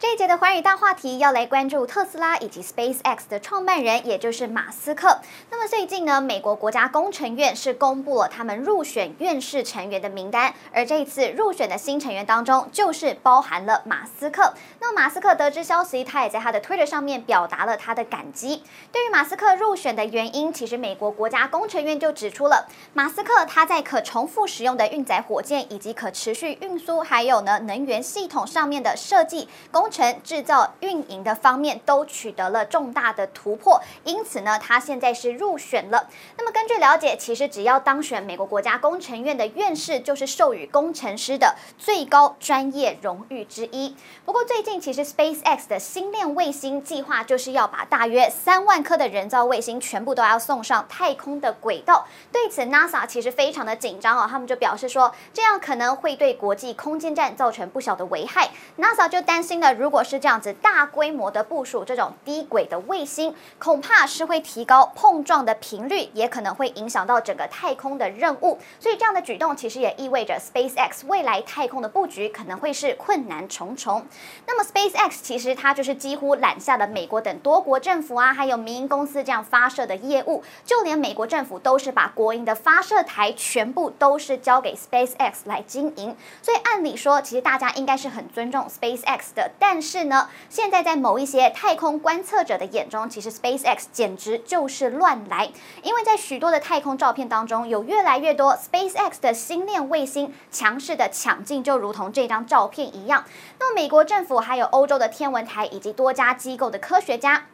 這一節的寰宇大話題要來關注特斯拉以及 SpaceX 的創辦人，也就是馬斯克。那麼最近呢，美國國家工程院是公布了他們入選院士成員的名單，而這一次入選的新成員當中，就是包含了馬斯克。那麼馬斯克得知消息，他也在他的推特上面表達了他的感激。對於馬斯克入選的原因，其實美國國家工程院就指出了馬斯克他在可重複使用的運載火箭以及可持續運輸還有呢能源系統上面的設計工、工程製造運營的方面都取得了重大的突破，因此呢，他現在是入選了。那麼根據了解，其實只要當選美國國家工程院的院士，就是授予工程師的最高專業榮譽之一。不過最近，其實 SpaceX 的星鏈衛星計劃就是要把大約三萬顆的人造衛星全部都要送上太空的軌道。對此，NASA 其實非常的緊張啊，他們就表示說，這樣可能會對國際空間站造成不小的危害。NASA 就擔心了。如果是這樣子大規模的部署這種低軌的衛星，恐怕是會提高碰撞的頻率，也可能會影響到整個太空的任務。所以這樣的舉動其實也意味着 SpaceX 未來太空的佈局可能會是困難重重。那麼 SpaceX 其實它就是幾乎攬下了美國等多國政府啊，還有民營公司這樣發射的業務，就連美國政府都是把國營的發射台全部都是交給 SpaceX 來經營。所以按理說，其實大家應該是很尊重 SpaceX 的。但是呢，現在在某一些太空觀測者的眼中，其實 SpaceX 簡直就是亂來，因為在許多的太空照片當中，有越來越多 SpaceX 的星鏈衛星強勢的搶鏡，就如同這張照片一樣。那麼，美國政府、還有歐洲的天文台以及多家機構的科學家，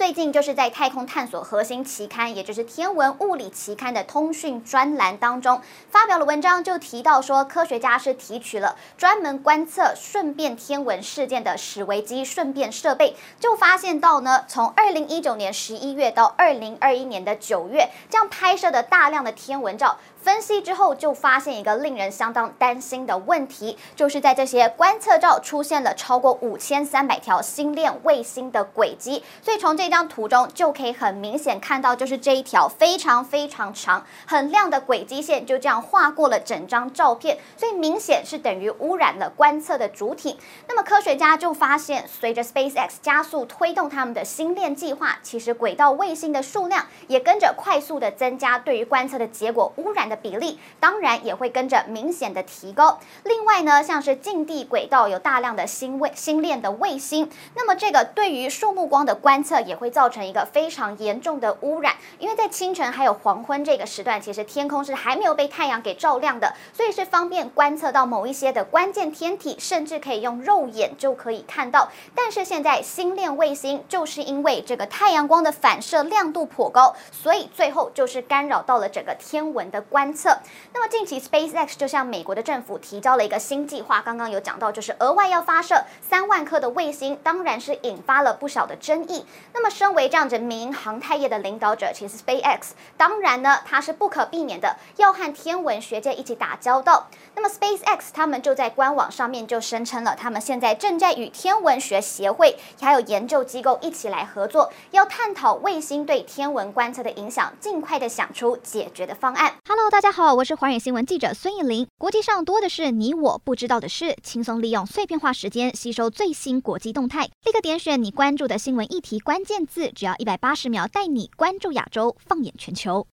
最近就是在《太空探索核心》期刊，也就是《天文物理期刊》的通訊專欄當中發表了文章，就提到說，科學家是提取了專門觀測瞬變天文事件的史維基瞬變設備，就發現到呢，從二零一九年十一月到二零二一年的九月，這樣拍攝的大量的天文照。分析之後就發現一個令人相當擔心的問題，就是在這些觀測照出現了超過五千三百條星鏈衛星的軌跡，所以從這張圖中就可以很明顯看到，就是這一條非常非常長、很亮的軌跡線，就這樣劃過了整張照片，所以明顯是等於污染了觀測的主體。那麼科學家就發現，隨着 SpaceX 加速推動他們的星鏈計劃，其實軌道衛星的數量也跟着快速的增加，對於觀測的結果污染的比例當然也會跟着明顯的提高。另外呢，像是近地軌道有大量的星衛星鏈的衛星，那麼這個對於曙暮光的觀測也會造成一個非常嚴重的污染。因為在清晨還有黃昏這個時段，其實天空是還沒有被太陽給照亮的，所以是方便觀測到某一些的關鍵天體，甚至可以用肉眼就可以看到。但是現在星鏈衛星就是因為這個太陽光的反射亮度頗高，所以最後就是干擾到了整個天文的觀觀測。那麼近期，SpaceX 就向美國的政府提交了一個新計劃。剛剛有講到，就是額外要發射三萬顆的衛星，當然是引發了不少的爭議。那麼，身為這樣子民航太業的領導者，其實 SpaceX 當然呢，它是不可避免的要和天文學界一起打交道。那麼，SpaceX 他們就在官網上面就聲稱了，他們現在正在與天文學協會還有研究機構一起來合作，要探討衛星對天文觀測的影響，儘快的想出解決的方案。Hello。大家好，我是寰宇新聞記者孫藝林。國際上多的是你我不知道的事，輕鬆利用碎片化時間吸收最新國際動態，立刻點選你關注的新聞議題關鍵字，只要一百八十秒帶你關注亞洲，放眼全球。